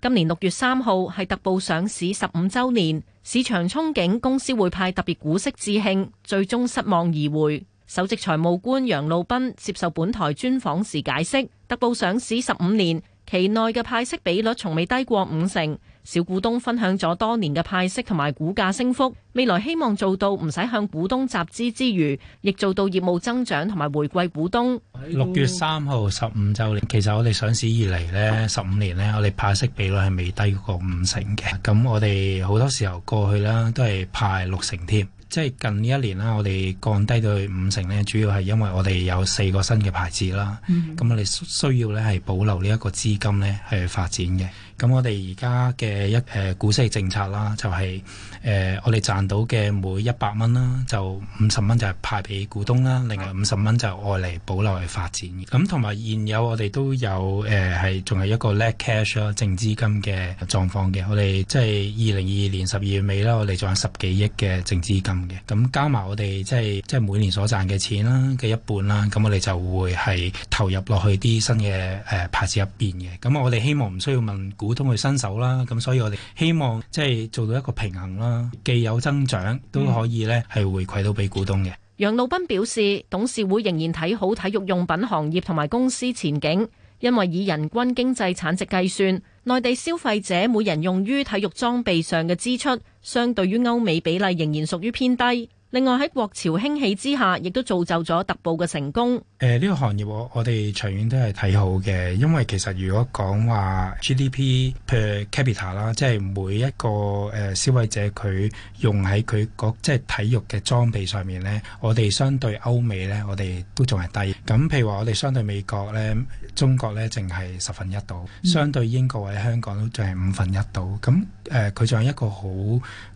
今年六月三號係特步上市十五周年，市場憧憬公司會派特別股息致慶，最終失望而回。首席財務官楊鷺彬接受本台專訪時解釋，特步上市十五年，期內嘅派息比率從未低過五成。小股東分享咗多年嘅派息同埋股價升幅，未來希望做到唔使向股東集資之餘，亦做到業務增長同埋回饋股東。六月三號十五週年，其實我哋上市以嚟呢十五年呢，我哋派息比率係未低過五成嘅。咁我哋好多時候過去啦，都係派六成添。即係近呢一年啦，我哋降低到去五成呢，主要係因為我哋有四個新嘅牌子啦。咁我哋需要呢係保留呢一個資金呢，係發展嘅。咁我哋而家嘅一誒、呃、股息政策啦，就係、是、誒、呃、我哋賺到嘅每一百蚊啦，就五十蚊就派俾股東啦，另外五十蚊就外嚟保留去發展。咁同埋現有我哋都有誒係仲係一個叻 cash 啦，淨資金嘅狀況嘅。我哋即係二零二二年十二月尾啦，我哋仲有十幾億嘅淨資金嘅。咁、嗯、加埋我哋即係即係每年所賺嘅錢啦嘅一半啦，咁、嗯、我哋就會係投入落去啲新嘅誒、呃、牌子入邊嘅。咁、嗯、我哋希望唔需要問股。普通去伸手啦，咁所以我哋希望即係做到一個平衡啦，既有增長都可以咧係回饋到俾股東嘅。嗯、楊鷺彬表示，董事會仍然睇好體育用品行業同埋公司前景，因為以人均經濟產值計算，內地消費者每人用於體育裝備上嘅支出，相對於歐美比例仍然屬於偏低。另外喺國潮興起之下，亦都造就咗特步嘅成功。誒、呃，呢、這個行業我哋長遠都係睇好嘅，因為其實如果講話 GDP per capita 啦，即係每一個誒、呃、消費者佢用喺佢嗰即係體育嘅裝備上面咧，我哋相對歐美咧，我哋都仲係低。咁譬如話我哋相對美國咧，中國咧淨係十分一度，相對英國或者香港都就係五分一度。咁誒，佢、呃、仲有一個好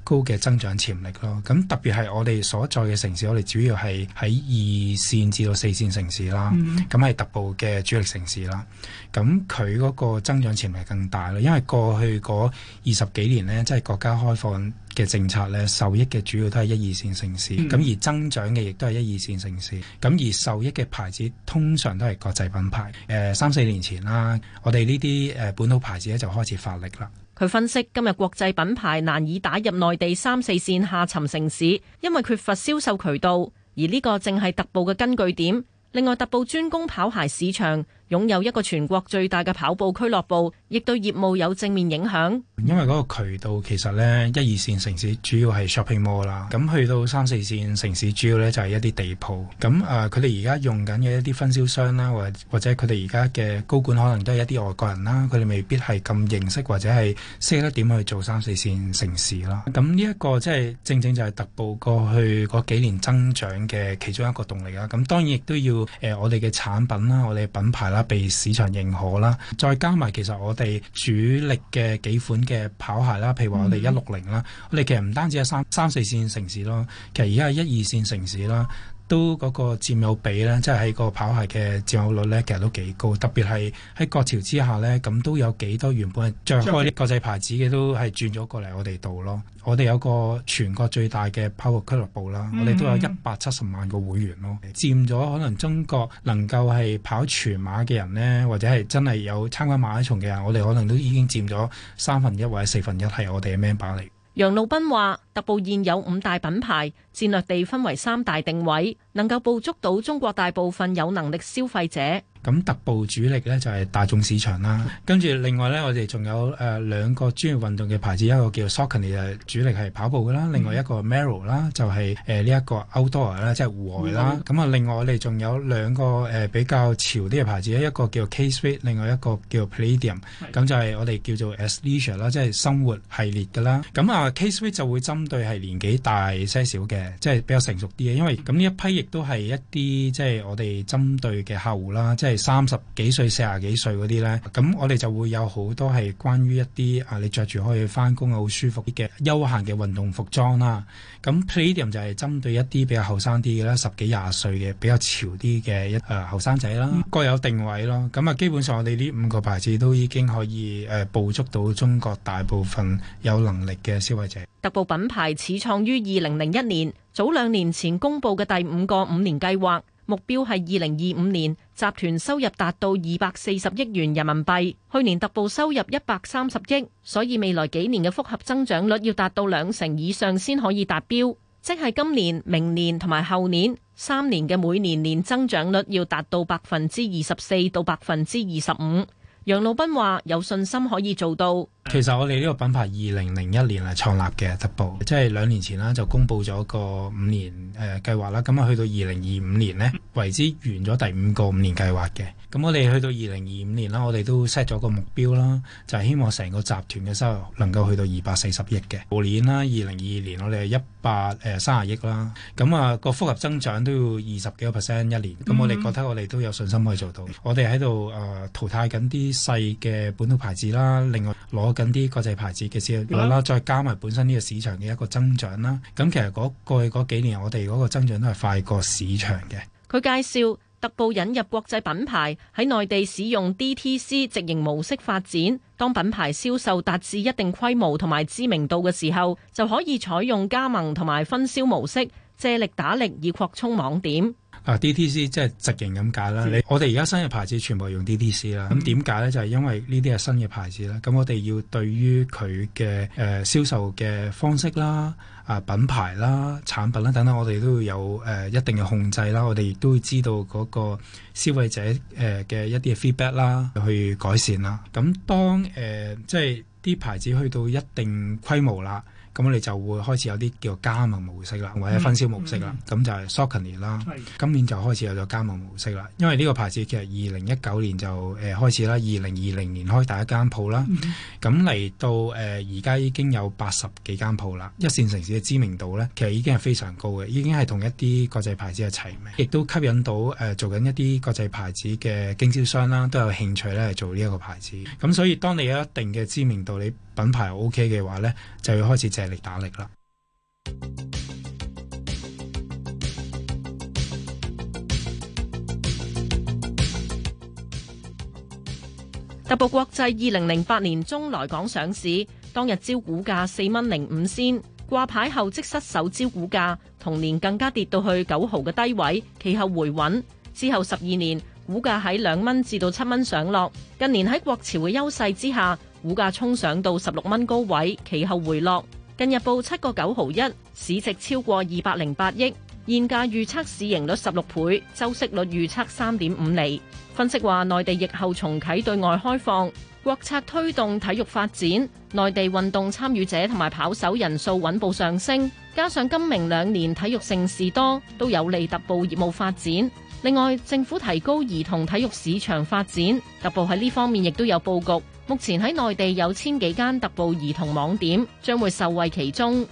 高嘅增長潛力咯。咁特別係我哋。所在嘅城市，我哋主要係喺二線至到四線城市啦，咁係、嗯、特步嘅主力城市啦。咁佢嗰個增長潛力更大啦，因為過去嗰二十幾年咧，即係國家開放嘅政策咧，受益嘅主要都係一二線城市，咁、嗯、而增長嘅亦都係一二線城市。咁而受益嘅牌子通常都係國際品牌。誒、呃、三四年前啦，我哋呢啲誒本土牌子咧就開始發力啦。佢分析今日國際品牌難以打入內地三四線下沉城市，因為缺乏銷售渠道，而呢個正係特步嘅根據點。另外，特步專攻跑鞋市場。擁有一個全國最大嘅跑步俱樂部，亦對業務有正面影響。因為嗰個渠道其實呢，一二線城市主要係 shopping mall 啦，咁去到三四線城市主要呢就係、是、一啲地鋪。咁啊，佢哋而家用緊嘅一啲分銷商啦，或或者佢哋而家嘅高管可能都係一啲外國人啦，佢哋未必係咁認識或者係識得點去做三四線城市啦。咁呢一個即係正正就係特步過去嗰幾年增長嘅其中一個動力啦。咁當然亦都要誒、呃、我哋嘅產品啦，我哋嘅品牌啦。被市場認可啦，再加埋其實我哋主力嘅幾款嘅跑鞋啦，譬如話我哋一六零啦，我哋其實唔單止係三三四線城市咯，其實而家係一二線城市啦。都嗰個佔有比咧，即係喺個跑鞋嘅佔有率咧，其實都幾高。特別係喺國潮之下咧，咁都有幾多原本著開啲國際牌子嘅都係轉咗過嚟我哋度咯。我哋有個全國最大嘅跑步俱樂部啦，我哋都有一百七十萬個會員咯。嗯、佔咗可能中國能夠係跑全馬嘅人咧，或者係真係有參加馬拉松嘅人，我哋可能都已經佔咗三分一或者四分一係我哋嘅 member 嚟。楊鷺彬話。.特步現有五大品牌，戰略地分為三大定位，能夠捕捉到中國大部分有能力消費者。咁特步主力咧就係、是、大眾市場啦，跟住另外咧我哋仲有誒兩、呃、個專業運動嘅牌子，一個叫 Saucony 啊，主力係跑步噶啦。另外一個 Merrell 啦、就是，就係誒呢一個 Outdoor 啦，即係戶外啦。咁啊、mm hmm.，另外我哋仲有兩個誒、呃、比較潮啲嘅牌子，一個叫 K-Swiss 另外一個叫 Palladium 咁就係我哋叫做 Athleisure 啦，即係生活系列噶啦。咁啊 K-Swiss 就會針。對，係年紀大些少嘅，即係比較成熟啲嘅。因為咁呢一批一，亦都係一啲即係我哋針對嘅客戶啦，即係三十幾歲、四十幾歲嗰啲咧。咁我哋就會有好多係關於一啲啊，你着住可以翻工好舒服嘅休閒嘅運動服裝啦。咁 Palladium 就係針對一啲比較後生啲嘅啦，十幾廿歲嘅比較潮啲嘅一誒後生仔啦，各有定位咯。咁啊，基本上我哋呢五個牌子都已經可以誒捕捉到中國大部分有能力嘅消費者。特步品牌始創於二零零一年，早兩年前公布嘅第五個五年計劃目標係二零二五年集團收入達到二百四十億元人民幣，去年特步收入一百三十億，所以未來幾年嘅複合增長率要達到兩成以上先可以達標，即係今年、明年同埋後年三年嘅每年年增長率要達到百分之二十四到百分之二十五。楊鷺彬話有信心可以做到。其實我哋呢個品牌二零零一年係創立嘅特步，即係兩年前啦，就公布咗個五年誒、呃、計劃啦，咁啊去到二零二五年呢，為之完咗第五個五年計劃嘅，咁我哋去到二零二五年啦，我哋都 set 咗個目標啦，就係、是、希望成個集團嘅收入能夠去到二百四十億嘅。去年啦，二零二二年我哋係一百誒三十億啦，咁、那、啊個複合增長都要二十幾個 percent 一年，咁、嗯、我哋覺得我哋都有信心可以做到。我哋喺度誒淘汰緊啲細嘅本土牌子啦，另外攞。跟啲國際牌子嘅先，啦啦再加埋本身呢個市場嘅一個增長啦。咁其實嗰過去嗰幾年，我哋嗰個增長都係快過市場嘅。佢介紹特步引入國際品牌喺內地使用 DTC 直營模式發展，當品牌銷售達至一定規模同埋知名度嘅時候，就可以採用加盟同埋分銷模式，借力打力以擴充網點。啊，DTC 即係直營咁解啦。嗯、你我哋而家新嘅牌子全部用 DTC 啦。咁點解咧？就係、係、因為呢啲係新嘅牌子啦。咁我哋要對於佢嘅誒銷售嘅方式啦、啊品牌啦、啊、產品啦等等，我哋都要有誒、呃、一定嘅控制啦。我哋亦都會知道嗰個消費者誒嘅、呃、一啲嘅 feedback 啦，去改善啦。咁當誒、呃、即係。啲牌子去到一定規模啦，咁我哋就會開始有啲叫加盟模式啦，或者分銷模式啦，咁、嗯嗯、就係 Saucony 啦。是今年就開始有咗加盟模式啦，因為呢個牌子其實二零一九年就誒開始啦，二零二零年開第一間鋪啦，咁嚟、嗯、到誒而家已經有八十幾間鋪啦，一線城市嘅知名度呢，其實已經係非常高嘅，已經係同一啲國際牌子係齊名，亦都吸引到誒、呃、做緊一啲國際牌子嘅經銷商啦，都有興趣咧做呢一個牌子。咁所以當你有一定嘅知名度，到你品牌 O K 嘅話呢，就要開始借力打力啦。特步國際二零零八年中來港上市，當日招股價四蚊零五仙掛牌後即失守招股價，同年更加跌到去九毫嘅低位，其後回穩之後十二年股價喺兩蚊至到七蚊上落，近年喺國潮嘅優勢之下，股價衝上到十六蚊高位，其後回落，近日報七個九毫一，市值超過二百零八億，現價預測市盈率十六倍，周息率預測三點五厘。分析話，內地疫後重啟對外開放，國策推動體育發展，內地運動參與者同埋跑手人數穩步上升，加上今明兩年體育盛事多，都有利特步業務發展。另外，政府提高兒童體育市場發展，特步喺呢方面亦都有佈局。目前喺內地有千幾間特步兒童網點，將會受惠其中。